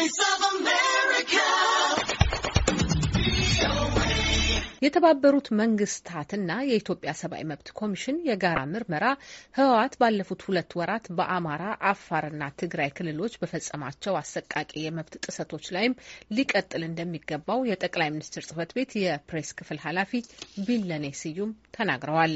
Voice of የተባበሩት መንግስታትና የኢትዮጵያ ሰብአዊ መብት ኮሚሽን የጋራ ምርመራ ህወሓት ባለፉት ሁለት ወራት በአማራ አፋርና ትግራይ ክልሎች በፈጸማቸው አሰቃቂ የመብት ጥሰቶች ላይም ሊቀጥል እንደሚገባው የጠቅላይ ሚኒስትር ጽህፈት ቤት የፕሬስ ክፍል ኃላፊ ቢለኔ ስዩም ተናግረዋል።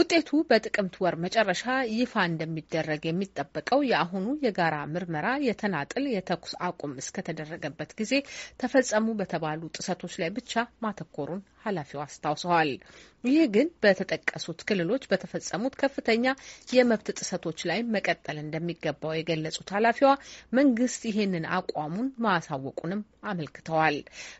ውጤቱ በጥቅምት ወር መጨረሻ ይፋ እንደሚደረግ የሚጠበቀው የአሁኑ የጋራ ምርመራ የተናጥል የተኩስ አቁም እስከተደረገበት ጊዜ ተፈጸሙ በተባሉ ጥሰቶች ላይ ብቻ ማተኮሩን ኃላፊው አስታውሰዋል። ይህ ግን በተጠቀሱት ክልሎች በተፈጸሙት ከፍተኛ የመብት ጥሰቶች ላይ መቀጠል እንደሚገባው የገለጹት ኃላፊዋ መንግስት ይህንን አቋሙን ማሳወቁንም አመልክተዋል።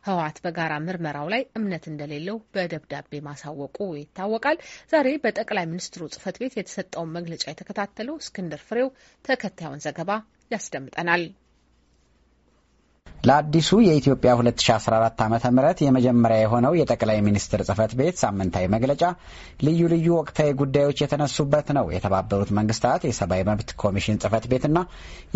ህወሓት በጋራ ምርመራው ላይ እምነት እንደሌለው በደብዳቤ ማሳወቁ ይታወቃል። ዛሬ በጠቅላይ ሚኒስትሩ ጽህፈት ቤት የተሰጠውን መግለጫ የተከታተለው እስክንድር ፍሬው ተከታዩን ዘገባ ያስደምጠናል። ለአዲሱ የኢትዮጵያ 2014 ዓ ም የመጀመሪያ የሆነው የጠቅላይ ሚኒስትር ጽህፈት ቤት ሳምንታዊ መግለጫ ልዩ ልዩ ወቅታዊ ጉዳዮች የተነሱበት ነው። የተባበሩት መንግስታት የሰብአዊ መብት ኮሚሽን ጽህፈት ቤትና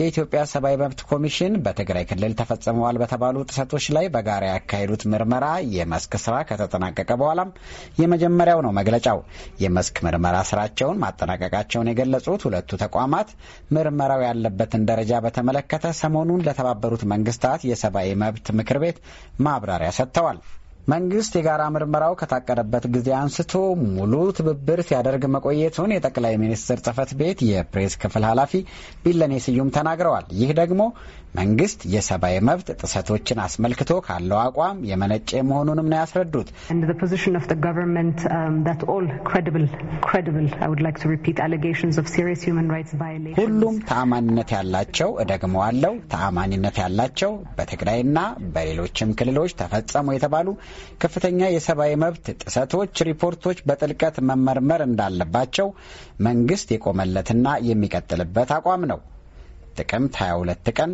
የኢትዮጵያ ሰብአዊ መብት ኮሚሽን በትግራይ ክልል ተፈጽመዋል በተባሉ ጥሰቶች ላይ በጋራ ያካሄዱት ምርመራ የመስክ ስራ ከተጠናቀቀ በኋላም የመጀመሪያው ነው መግለጫው። የመስክ ምርመራ ስራቸውን ማጠናቀቃቸውን የገለጹት ሁለቱ ተቋማት ምርመራው ያለበትን ደረጃ በተመለከተ ሰሞኑን ለተባበሩት መንግስታት የሰብአዊ መብት ምክር ቤት ማብራሪያ ሰጥተዋል። መንግስት የጋራ ምርመራው ከታቀደበት ጊዜ አንስቶ ሙሉ ትብብር ሲያደርግ መቆየቱን የጠቅላይ ሚኒስትር ጽህፈት ቤት የፕሬስ ክፍል ኃላፊ ቢለኔ ስዩም ተናግረዋል። ይህ ደግሞ መንግስት የሰብአዊ መብት ጥሰቶችን አስመልክቶ ካለው አቋም የመነጨ መሆኑንም ነው ያስረዱት። um, ሁሉም ተአማኒነት ያላቸው እደግመዋለው፣ ተአማኒነት ያላቸው በትግራይና በሌሎችም ክልሎች ተፈጸሙ የተባሉ ከፍተኛ የሰብአዊ መብት ጥሰቶች ሪፖርቶች በጥልቀት መመርመር እንዳለባቸው መንግስት የቆመለትና የሚቀጥልበት አቋም ነው። ጥቅምት 22 ቀን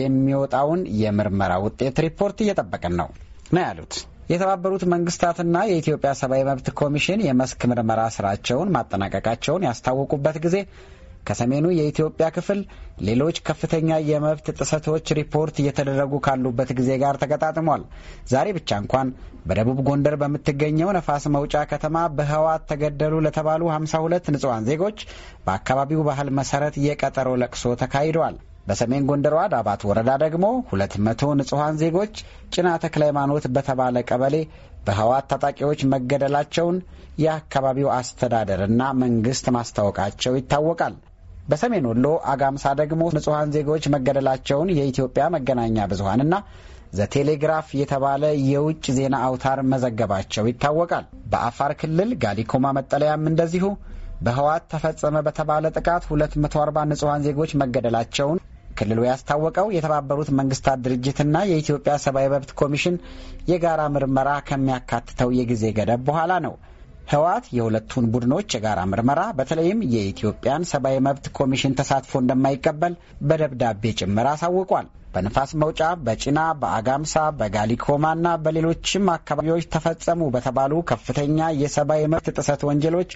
የሚወጣውን የምርመራ ውጤት ሪፖርት እየጠበቅን ነው ነው ያሉት። የተባበሩት መንግስታትና የኢትዮጵያ ሰብአዊ መብት ኮሚሽን የመስክ ምርመራ ስራቸውን ማጠናቀቃቸውን ያስታወቁበት ጊዜ ከሰሜኑ የኢትዮጵያ ክፍል ሌሎች ከፍተኛ የመብት ጥሰቶች ሪፖርት እየተደረጉ ካሉበት ጊዜ ጋር ተገጣጥሟል። ዛሬ ብቻ እንኳን በደቡብ ጎንደር በምትገኘው ነፋስ መውጫ ከተማ በህወሓት ተገደሉ ለተባሉ 52 ንጹሐን ዜጎች በአካባቢው ባህል መሰረት የቀጠሮ ለቅሶ ተካሂደዋል። በሰሜን ጎንደሯ ዳባት ወረዳ ደግሞ 200 ንጹሐን ዜጎች ጭና ተክለ ሃይማኖት በተባለ ቀበሌ በህወሓት ታጣቂዎች መገደላቸውን የአካባቢው አስተዳደርና መንግስት ማስታወቃቸው ይታወቃል። በሰሜን ወሎ አጋምሳ ደግሞ ንጹሐን ዜጎች መገደላቸውን የኢትዮጵያ መገናኛ ብዙሀንና ዘቴሌግራፍ የተባለ የውጭ ዜና አውታር መዘገባቸው ይታወቃል። በአፋር ክልል ጋሊኮማ መጠለያም እንደዚሁ በህወሓት ተፈጸመ በተባለ ጥቃት 240 ንጹሐን ዜጎች መገደላቸውን ክልሉ ያስታወቀው የተባበሩት መንግስታት ድርጅትና የኢትዮጵያ ሰብአዊ መብት ኮሚሽን የጋራ ምርመራ ከሚያካትተው የጊዜ ገደብ በኋላ ነው። ህወሓት የሁለቱን ቡድኖች የጋራ ምርመራ በተለይም የኢትዮጵያን ሰብአዊ መብት ኮሚሽን ተሳትፎ እንደማይቀበል በደብዳቤ ጭምር አሳውቋል። በንፋስ መውጫ በጭና በአጋምሳ በጋሊኮማ እና በሌሎችም አካባቢዎች ተፈጸሙ በተባሉ ከፍተኛ የሰብአዊ መብት ጥሰት ወንጀሎች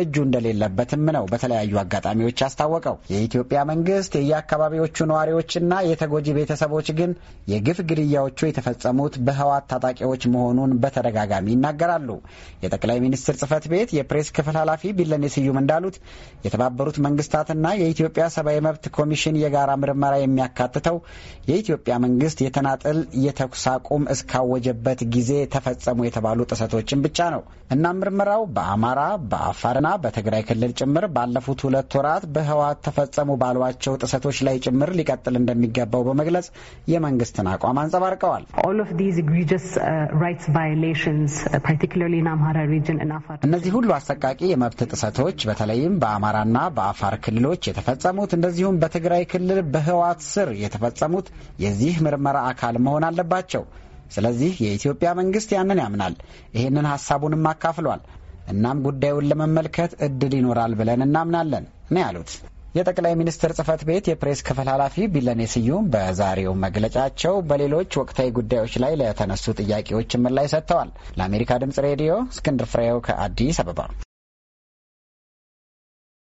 እጁ እንደሌለበትም ነው በተለያዩ አጋጣሚዎች ያስታወቀው። የኢትዮጵያ መንግስት የየአካባቢዎቹ ነዋሪዎችና የተጎጂ ቤተሰቦች ግን የግፍ ግድያዎቹ የተፈጸሙት በህዋት ታጣቂዎች መሆኑን በተደጋጋሚ ይናገራሉ። የጠቅላይ ሚኒስትር ጽህፈት ቤት የፕሬስ ክፍል ኃላፊ ቢለኔ ስዩም እንዳሉት የተባበሩት መንግስታትና የኢትዮጵያ ሰብአዊ መብት ኮሚሽን የጋራ ምርመራ የሚያካትተው የኢትዮጵያ መንግስት የተናጠል የተኩስ አቁም እስካወጀበት ጊዜ ተፈጸሙ የተባሉ ጥሰቶችን ብቻ ነው። እናም ምርመራው በአማራ በአፋርና በትግራይ ክልል ጭምር ባለፉት ሁለት ወራት በህወሓት ተፈጸሙ ባሏቸው ጥሰቶች ላይ ጭምር ሊቀጥል እንደሚገባው በመግለጽ የመንግስትን አቋም አንጸባርቀዋል። uh, uh, እነዚህ ሁሉ አሰቃቂ የመብት ጥሰቶች በተለይም በአማራና በአፋር ክልሎች የተፈጸሙት እንደዚሁም በትግራይ ክልል በህወሓት ስር የተፈጸሙት የዚህ ምርመራ አካል መሆን አለባቸው። ስለዚህ የኢትዮጵያ መንግስት ያንን ያምናል። ይህንን ሀሳቡንም አካፍሏል። እናም ጉዳዩን ለመመልከት እድል ይኖራል ብለን እናምናለን ነው ያሉት። የጠቅላይ ሚኒስትር ጽህፈት ቤት የፕሬስ ክፍል ኃላፊ ቢለኔ ስዩም በዛሬው መግለጫቸው በሌሎች ወቅታዊ ጉዳዮች ላይ ለተነሱ ጥያቄዎች ምላሽ ሰጥተዋል። ለአሜሪካ ድምጽ ሬዲዮ እስክንድር ፍሬው ከአዲስ አበባ